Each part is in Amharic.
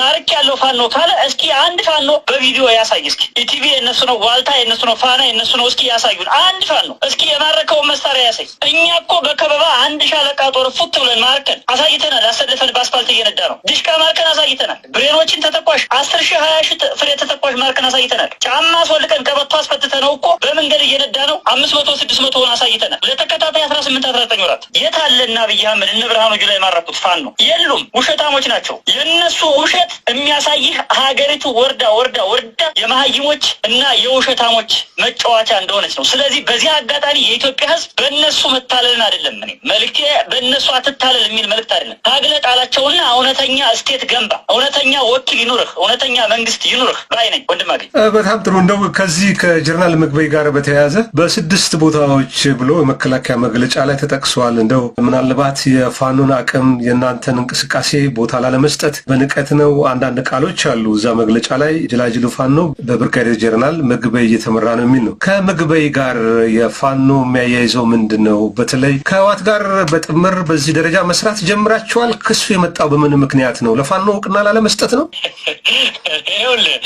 ማርክ ያለው ፋኖ ካለ እስኪ አንድ ፋኖ በቪዲዮ ያሳይ። እስኪ ኢቲቪ የነሱ ነው፣ ዋልታ የነሱ ነው፣ ፋና የነሱ ነው። እስኪ ያሳዩን አንድ ፋኖ እስኪ የማረከውን መሳሪያ ያሳይ። እኛ እኮ በከበባ አንድ ሻለቃ ጦር ፉት ብለን ማርከን አሳይተናል። አሰልፈን በአስፋልት እየነዳ ነው። ድሽቃ ማርከን አሳይተናል። ብሬኖችን ተተኳሽ አስር ሺህ ሀያ ሺህ ፍሬ ተተኳሽ ማርከን አሳይተናል። ጫማ አስወልቀን ቀበቶ አስፈትተ ነው እኮ በመንገድ እየነዳ ነው። አምስት መቶ ስድስት መቶ ሆን አሳይተናል። ለተከታታይ አስራ ስምንት አስራ ዘጠኝ ወራት የት አለና ብያምን እነ ብርሃኑ ጁላ የማረኩት ፋኖ የሉም። ውሸታሞች ናቸው የእነሱ ውሸት የሚያሳይህ ሀገሪቱ ወርዳ ወርዳ ወርዳ የመሀይሞች እና የውሸታሞች መጫወቻ እንደሆነች ነው። ስለዚህ በዚህ አጋጣሚ የኢትዮጵያ ሕዝብ በእነሱ መታለልን አይደለም እኔ መልክቴ በእነሱ አትታለል የሚል መልክት አይደለም። ታግለ ጣላቸውና እውነተኛ እስቴት ገንባ፣ እውነተኛ ወኪል ይኑርህ፣ እውነተኛ መንግስት ይኑርህ ባይ ነኝ ወንድም በጣም ጥሩ። እንደው ከዚህ ከጀርናል ምግበይ ጋር በተያያዘ በስድስት ቦታዎች ብሎ የመከላከያ መግለጫ ላይ ተጠቅሰዋል። እንደው ምናልባት የፋኖን አቅም የእናንተን እንቅስቃሴ ቦታ ላለመስጠት በንቀት ነው አንዳንድ ቃሎች አሉ እዛ መግለጫ ላይ ጅላጅሉ ፋኖ በብርጋዴር ጀነራል ምግበይ እየተመራ ነው የሚል ነው። ከምግበይ ጋር የፋኖ የሚያያይዘው ምንድን ነው? በተለይ ከህዋት ጋር በጥምር በዚህ ደረጃ መስራት ጀምራችኋል። ክሱ የመጣው በምን ምክንያት ነው? ለፋኖ እውቅና ላለመስጠት ነው? ይኸውልህ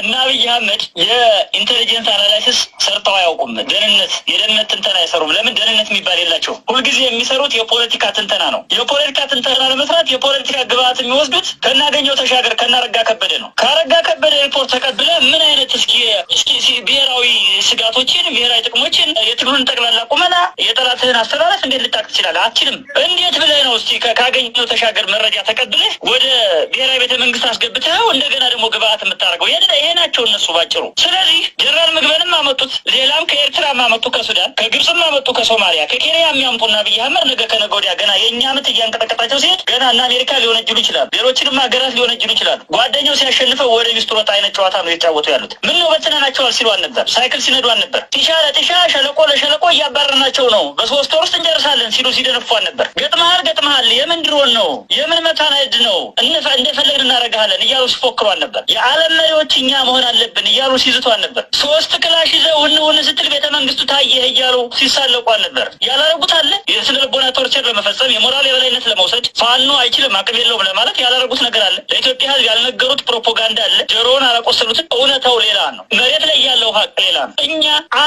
እና አብይ አህመድ የኢንቴሊጀንስ አናላይሲስ ሰርተው አያውቁም። ደህንነት የደህንነት ትንተና አይሰሩም። ለምን ደህንነት የሚባል የላቸው። ሁልጊዜ የሚሰሩት የፖለቲካ ትንተና ነው። የፖለቲካ ትንተና ለመስራት የፖለቲካ ግብአት የሚወስዱት ከናገኘው ተሻገር ከናረጋ ከበደ ነው። ካረጋ ከበደ ሪፖርት ተቀብለ ምን ምን አይነት እስኪ እስኪ ብሔራዊ ስጋቶችን ብሔራዊ ጥቅሞችን የትግሉን ጠቅላላ ቁመና የጠላትህን አስተላለፍ እንዴት ልታቅ ትችላለህ? አትችልም። እንዴት ብለህ ነው እስኪ ካገኘው ተሻገር መረጃ ተቀብለህ ወደ ብሔራዊ ቤተ መንግስት አስገብተኸው እንደገና ደግሞ ግብአት የምታደርገው ይሄ ናቸው እነሱ ባጭሩ። ስለዚህ ጀነራል ምግበንም አመጡት፣ ሌላም ከኤርትራ አመጡ፣ ከሱዳን ከግብፅም አመጡ፣ ከሶማሊያ ከኬንያ የሚያምጡና አብይ አህመድ ነገ ከነገ ወዲያ ገና የእኛ ምት እያንቀጠቀጣቸው ሲሄድ ገና እና አሜሪካ ሊሆነጅሉ ይችላል፣ ሌሎችንም ሀገራት ሊሆነጅሉ ይችላል። ጓደኛው ሲያሸንፈው ወደ ሚስጥሮት አይነት ጨዋታ ነው የተጫወተው። ናቸው ያሉት። ምን ነው በትነናቸዋል ሲሉ አልነበር፣ ሳይክል ሲነዱ አልነበር፣ ጢሻ ለጢሻ ሸለቆ ለሸለቆ እያባረርናቸው ነው፣ በሶስት ወር ውስጥ እንጨርሳለን ሲሉ ሲደነፉ አልነበር። ገጥመሃል ገጥመሃል፣ የምን ድሮን ነው የምን መታናድ ነው እንደፈለግን እናደርግሃለን እያሉ ሲፎክሩ አልነበር። የዓለም መሪዎች እኛ መሆን አለብን እያሉ ሲዝቱ አልነበር። ሶስት ክላሽ ይዘ ውን ውን ስትል ቤተ መንግስቱ ታየህ እያሉ ሲሳለቁ አልነበር። ያላረጉት አለ የስነ ልቦና ቶርቸር ለመፈጸም የሞራል የበላይነት ለመውሰድ ፋኖ አይችልም አቅም የለውም ለማለት ያላረጉት ነገር አለ። ለኢትዮጵያ ህዝብ ያልነገሩት ፕሮፓጋንዳ አለ። ጆሮውን አላቆሰሉትም እውነት እውነታው ሌላ ነው። መሬት ላይ ያለው ሀቅ ሌላ ነው። እኛ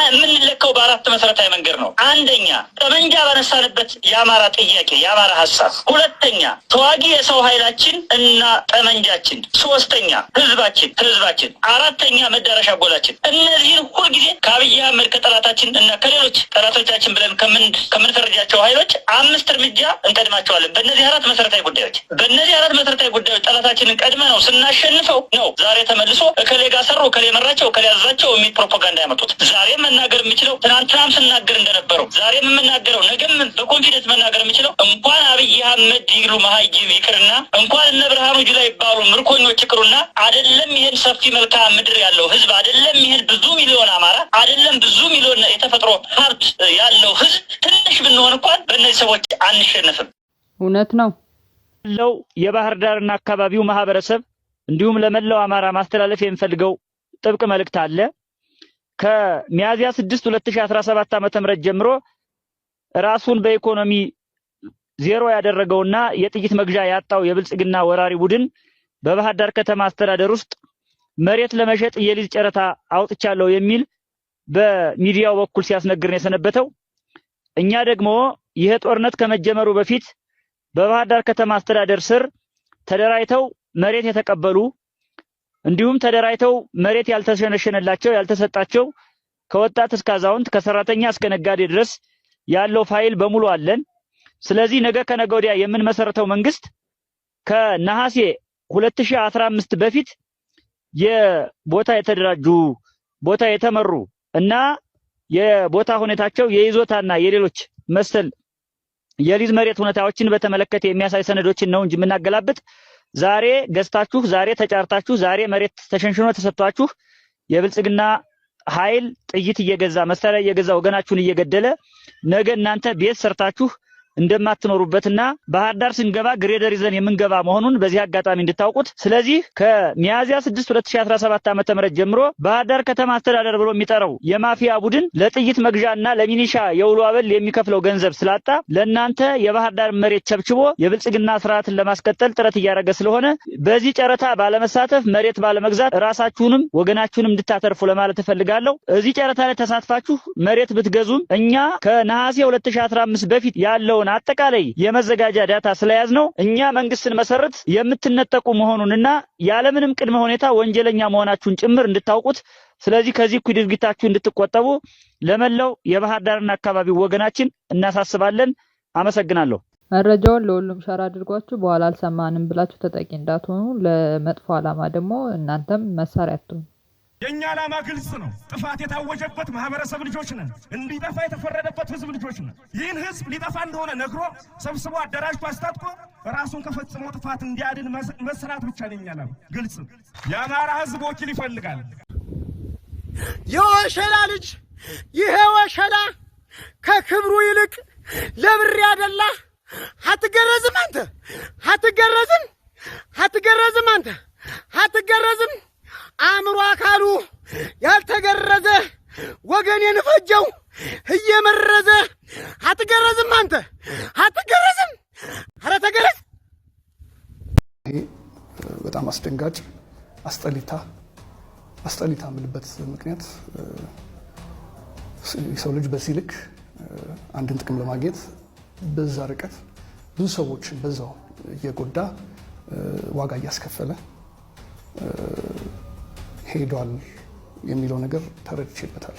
የምንለካው በአራት መሰረታዊ መንገድ ነው። አንደኛ ጠመንጃ ባነሳንበት የአማራ ጥያቄ የአማራ ሀሳብ፣ ሁለተኛ ተዋጊ የሰው ኃይላችን እና ጠመንጃችን፣ ሶስተኛ ህዝባችን ህዝባችን፣ አራተኛ መዳረሻ ጎላችን። እነዚህን ሁልጊዜ ከአብይ አህመድ ከጠላታችን እና ከሌሎች ጠላቶቻችን ብለን ከምንፈረጃቸው ኃይሎች አምስት እርምጃ እንቀድማቸዋለን። በእነዚህ አራት መሰረታዊ ጉዳዮች በእነዚህ አራት መሰረታዊ ጉዳዮች ጠላታችንን ቀድመ ነው ስናሸንፈው ነው ዛሬ ተመልሶ እከሌ ጋር ሰሩ መራቸው፣ እከሌ መራቸው፣ እከሌ ያዛቸው የሚል ፕሮፓጋንዳ ያመጡት። ዛሬ መናገር የምችለው ትናንትናም ስናገር እንደነበረው ዛሬም የምናገረው ነገም በኮንፊደንስ መናገር የምችለው እንኳን አብይ አህመድ ይሉ መሀይም ይቅርና እንኳን እነ ብርሃኑ ጁላ ይባሉ ምርኮኞች ይቅሩና አይደለም ይህን ሰፊ መልክዓ ምድር ያለው ህዝብ አይደለም ይህን ብዙ ሚሊዮን አማራ አይደለም ብዙ ሚሊዮን የተፈጥሮ ሀብት ያለው ህዝብ ትንሽ ብንሆን እንኳን በእነዚህ ሰዎች አንሸነፍም። እውነት ነው ለው የባህር ዳርና አካባቢው ማህበረሰብ እንዲሁም ለመላው አማራ ማስተላለፍ የምፈልገው ጥብቅ መልእክት አለ። ከሚያዚያ 6 2017 ዓ.ም ጀምሮ ራሱን በኢኮኖሚ ዜሮ ያደረገውና የጥይት መግዣ ያጣው የብልጽግና ወራሪ ቡድን በባህር ዳር ከተማ አስተዳደር ውስጥ መሬት ለመሸጥ የሊዝ ጨረታ አውጥቻለሁ የሚል በሚዲያው በኩል ሲያስነግርን የሰነበተው እኛ ደግሞ ይህ ጦርነት ከመጀመሩ በፊት በባህር ዳር ከተማ አስተዳደር ስር ተደራጅተው መሬት የተቀበሉ እንዲሁም ተደራጅተው መሬት ያልተሸነሸነላቸው ያልተሰጣቸው ከወጣት እስከ አዛውንት ከሰራተኛ እስከ ነጋዴ ድረስ ያለው ፋይል በሙሉ አለን። ስለዚህ ነገ ከነገ ወዲያ የምንመሰረተው መንግስት ከነሐሴ 2015 በፊት የቦታ የተደራጁ ቦታ የተመሩ እና የቦታ ሁኔታቸው የይዞታና የሌሎች መሰል የሊዝ መሬት ሁኔታዎችን በተመለከተ የሚያሳይ ሰነዶችን ነው እንጂ የምናገላብጥ ዛሬ ገዝታችሁ፣ ዛሬ ተጫርታችሁ፣ ዛሬ መሬት ተሸንሽኖ ተሰጥቷችሁ የብልጽግና ኃይል ጥይት እየገዛ መሳሪያ እየገዛ ወገናችሁን እየገደለ ነገ እናንተ ቤት ሰርታችሁ እንደማትኖሩበትና ባህር ዳር ስንገባ ግሬደር ይዘን የምንገባ መሆኑን በዚህ አጋጣሚ እንድታውቁት። ስለዚህ ከሚያዝያ 6 2017 ዓ ም ጀምሮ ባህር ዳር ከተማ አስተዳደር ብሎ የሚጠራው የማፊያ ቡድን ለጥይት መግዣና ለሚኒሻ የውሎ አበል የሚከፍለው ገንዘብ ስላጣ ለእናንተ የባህር ዳር መሬት ቸብችቦ የብልጽግና ስርዓትን ለማስቀጠል ጥረት እያደረገ ስለሆነ በዚህ ጨረታ ባለመሳተፍ መሬት ባለመግዛት ራሳችሁንም ወገናችሁንም እንድታተርፉ ለማለት እፈልጋለሁ። እዚህ ጨረታ ላይ ተሳትፋችሁ መሬት ብትገዙም እኛ ከነሐሴ 2015 በፊት ያለው ያለውን አጠቃላይ የመዘጋጃ ዳታ ስለያዝ ነው እኛ መንግስትን መሰረት የምትነጠቁ መሆኑንና ያለምንም ቅድመ ሁኔታ ወንጀለኛ መሆናችሁን ጭምር እንድታውቁት ስለዚህ ከዚህ እኩይ ድርጊታችሁ እንድትቆጠቡ ለመላው የባህር ዳርና አካባቢው ወገናችን እናሳስባለን። አመሰግናለሁ። መረጃውን ለሁሉም ሸር አድርጓችሁ በኋላ አልሰማንም ብላችሁ ተጠቂ እንዳትሆኑ፣ ለመጥፎ ዓላማ ደግሞ እናንተም መሳሪያ አትሁኑ። የእኛ ዓላማ ግልጽ ነው። ጥፋት የታወጀበት ማህበረሰብ ልጆች ነን። እንዲጠፋ የተፈረደበት ህዝብ ልጆች ነን። ይህን ህዝብ ሊጠፋ እንደሆነ ነግሮ ሰብስቦ አደራጅቶ አስታጥቆ ራሱን ከፈጽሞ ጥፋት እንዲያድን መስራት ብቻ ነው የእኛ ዓላማ። ግልጽ የአማራ ህዝብ ወኪል ይፈልጋል። የወሸላ ልጅ ይሄ ወሸላ ከክብሩ ይልቅ ለብር ያደላ አትገረዝም አንተ አትገረዝም አትገረዝም አንተ አትገረዝም አእምሮ አካሉ ያልተገረዘ ወገን የንፈጀው እየመረዘ አትገረዝም፣ አንተ አትገረዝም፣ አረ ተገረዝ። ይሄ በጣም አስደንጋጭ አስጠሊታ አስጠሊታ የምልበት ምክንያት የሰው ልጅ በዚህ ልክ አንድን ጥቅም ለማግኘት በዛ ርቀት ብዙ ሰዎችን በዛው እየጎዳ ዋጋ እያስከፈለ ሄዷል የሚለው ነገር ተረድቼበታል።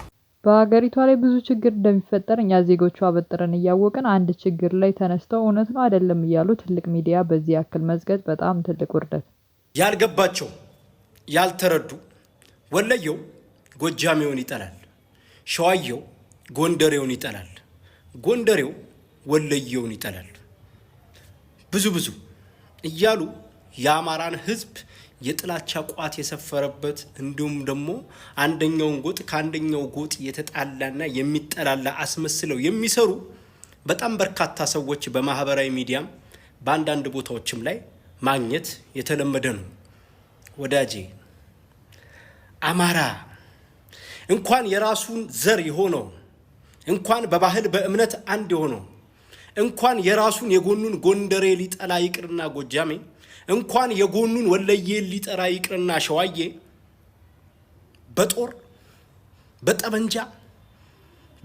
በሀገሪቷ ላይ ብዙ ችግር እንደሚፈጠር እኛ ዜጎቹ አበጥረን እያወቅን አንድ ችግር ላይ ተነስተው እውነት ነው አይደለም እያሉ ትልቅ ሚዲያ በዚህ ያክል መዝገጥ በጣም ትልቅ ውርደት። ያልገባቸው ያልተረዱ ወለየው ጎጃሜውን ይጠላል፣ ሸዋየው ጎንደሬውን ይጠላል፣ ጎንደሬው ወለየውን ይጠላል ብዙ ብዙ እያሉ የአማራን ህዝብ የጥላቻ ቋት የሰፈረበት እንዲሁም ደግሞ አንደኛውን ጎጥ ከአንደኛው ጎጥ የተጣላና የሚጠላላ አስመስለው የሚሰሩ በጣም በርካታ ሰዎች በማህበራዊ ሚዲያም በአንዳንድ ቦታዎችም ላይ ማግኘት የተለመደ ነው። ወዳጄ አማራ እንኳን የራሱን ዘር የሆነው እንኳን በባህል በእምነት አንድ የሆነው እንኳን የራሱን የጎኑን ጎንደሬ ሊጠላ ይቅርና ጎጃሜ እንኳን የጎኑን ወለዬ ሊጠራ ይቅርና ሸዋዬ በጦር በጠመንጃ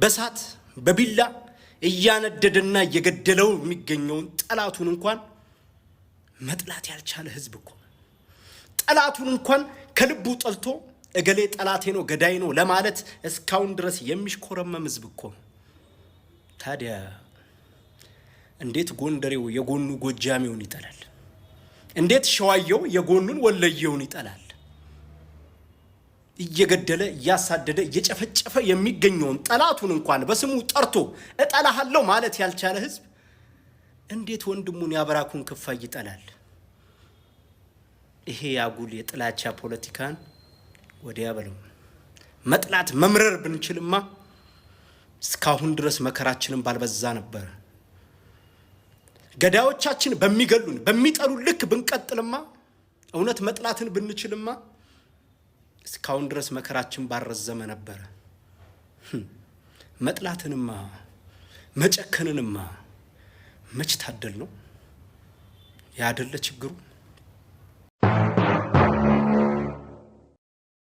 በሳት በቢላ እያነደደና እየገደለው የሚገኘውን ጠላቱን እንኳን መጥላት ያልቻለ ህዝብ እኮ ጠላቱን እንኳን ከልቡ ጠልቶ እገሌ ጠላቴ ነው ገዳይ ነው ለማለት እስካሁን ድረስ የሚሽኮረመም ህዝብ እኮ ታዲያ እንዴት ጎንደሬው የጎኑ ጎጃሜውን ይጠላል? እንዴት ሸዋየው የጎኑን ወለየውን ይጠላል? እየገደለ እያሳደደ እየጨፈጨፈ የሚገኘውን ጠላቱን እንኳን በስሙ ጠርቶ እጠላሃለሁ ማለት ያልቻለ ህዝብ እንዴት ወንድሙን ያበራኩን ክፋይ ይጠላል? ይሄ ያጉል የጥላቻ ፖለቲካን ወዲያ በለው። መጥላት መምረር ብንችልማ እስካሁን ድረስ መከራችንን ባልበዛ ነበር። ገዳዮቻችን በሚገሉን በሚጠሉ ልክ ብንቀጥልማ እውነት መጥላትን ብንችልማ እስካሁን ድረስ መከራችን ባረዘመ ነበረ። መጥላትንማ መጨከንንማ መች ታደል ነው ያደለ ችግሩ